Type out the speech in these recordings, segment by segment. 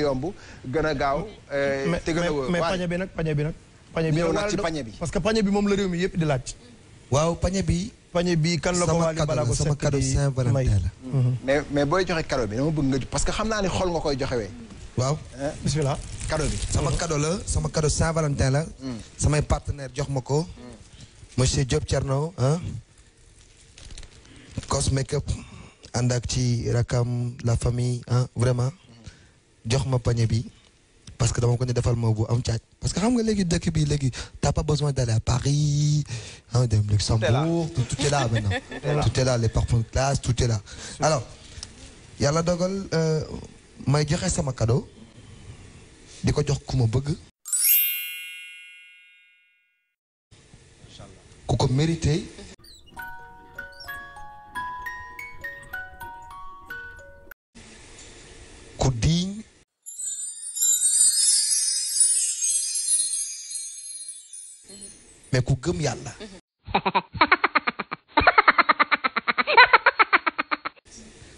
yomb gën a gaaw. Eh, te gën a wóor pañe bi nag pañe bi nag. pañe bi ñëw nag ci pañe bi parce que pañe bi moom la réew mi yëpp di laaj. waaw pañe bi. pañe bi kan la ko Wally Ballago Seck sama cadeau sama cadeau saint la. Mhm. mais mais booy joxe sama cadeau sama valentin la. Mm. samay partenaire jox ma ko. Mm. monsieur Diop Thierno ah. cos make up ànd ak ci rakam la famille vraiment. jox ma pañe bi parce que dama ko ne defal ma bu am caaj parce que xam nga léegi dëkk bi léegi t'as pas besoin d'aller à Paris ah dem Luxembourg tout est là maintenant tout est là classe tout est yàlla dogal euh, may joxe sama kado di ko jox ku ma bëgg ku ko mérité mais ku gëm yàlla.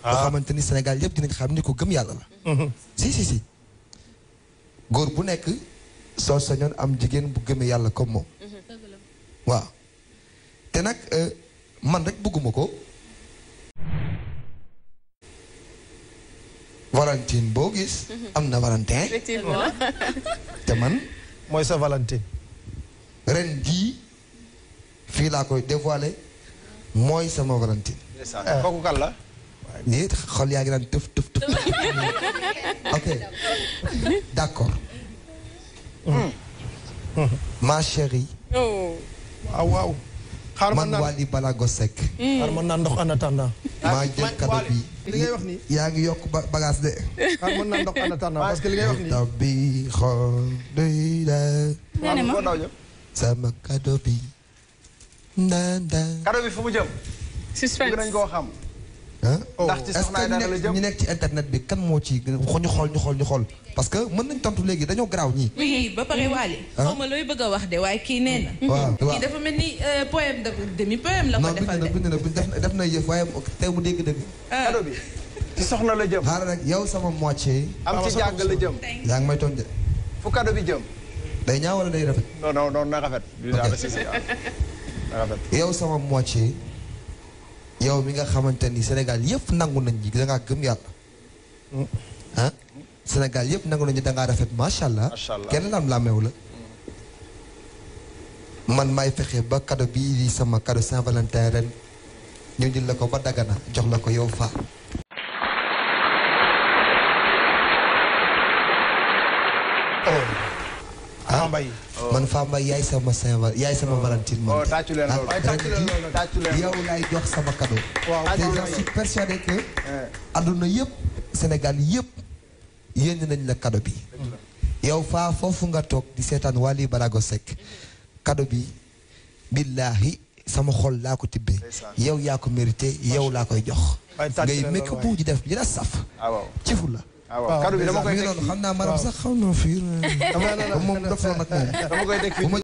ah boo xamante ni Sénégal yëpp dinañ xam ni ku gëm yàlla la. Mhm. si si si góor bu nekk soo sañoon am jigéen bu gëmee yàlla comme moom. Mhm. waaw te nag euh, man rek bëgguma ko. Valentine boo gis. Mhm. am na Valentin. te man. mooy sa Valentine. ren fii laa koy dévoilé mooy sama Valentine. Eh. kooku kan la. xol yaa ngi naan tëf tëf ok d'accord. Hmm. ma chérie. Oh. Ah, man Wally Balago Seck. Hmm. xaaral naan ndox en attendant. maa jël kado yokk bagage de. sama kado kado bi fu mu jëm. suspense bëgg nañ koo xam. ndax oh, ci soxnaay dara la jëm ñu nekk ci internet bi kan moo ci ñu xool ñu xool ñu xool parce que mën nañ tontu léegi dañoo garaaw ñii. oui ba pare waale. xaw bëgg a wax de waaye kii nee na. waaw waaw kii dafa mel ni euh, poème de demi poème la ko defal de. non bind na bind def na yëf waaye tey mu dégg dëgg. Euh. kado bi ci soxna la jëm. xaaral nag yow sama moitié. am ci jàng la jëm. yaa ngi may tontu de. fu kado bi jëm. day ñaaw wala day rafet. non non non na rafet. yow sama moitié yow mi nga xamante ni Sénégal yëpp nangu nañ ji da ngaa gëm yàlla. ah Sénégal yëpp nangu nañu da ngaa rafet macha allah. kenn laam laameew la. Mm. man may fexe ba cadeau bii sama cadeau Saint-Valentin ren ñu jël la ko ba Dagana jox la ko yow Faa. oh. ah man Fambaye yaay sama Saint yaay sama oh. Valentine. man oh, ah, yow laay jox sama cadeau. waaw te je suis persuadé que. Eh. àdduna yëpp Sénégal yëpp yéen nañ la cadeau bi. yow faa foofu nga toog di seetaan Wally Balago Seck cadeau bi billaahi sama xol laa ko tibbee. yow yaa ko mérité yow laa koy jox. ngay mékk bu di def li la saf. Ah, ci la. Ah, waaw kàddu bi dama koy teg fii xam naa maram sax xaw na fiir moom daf la nag moom.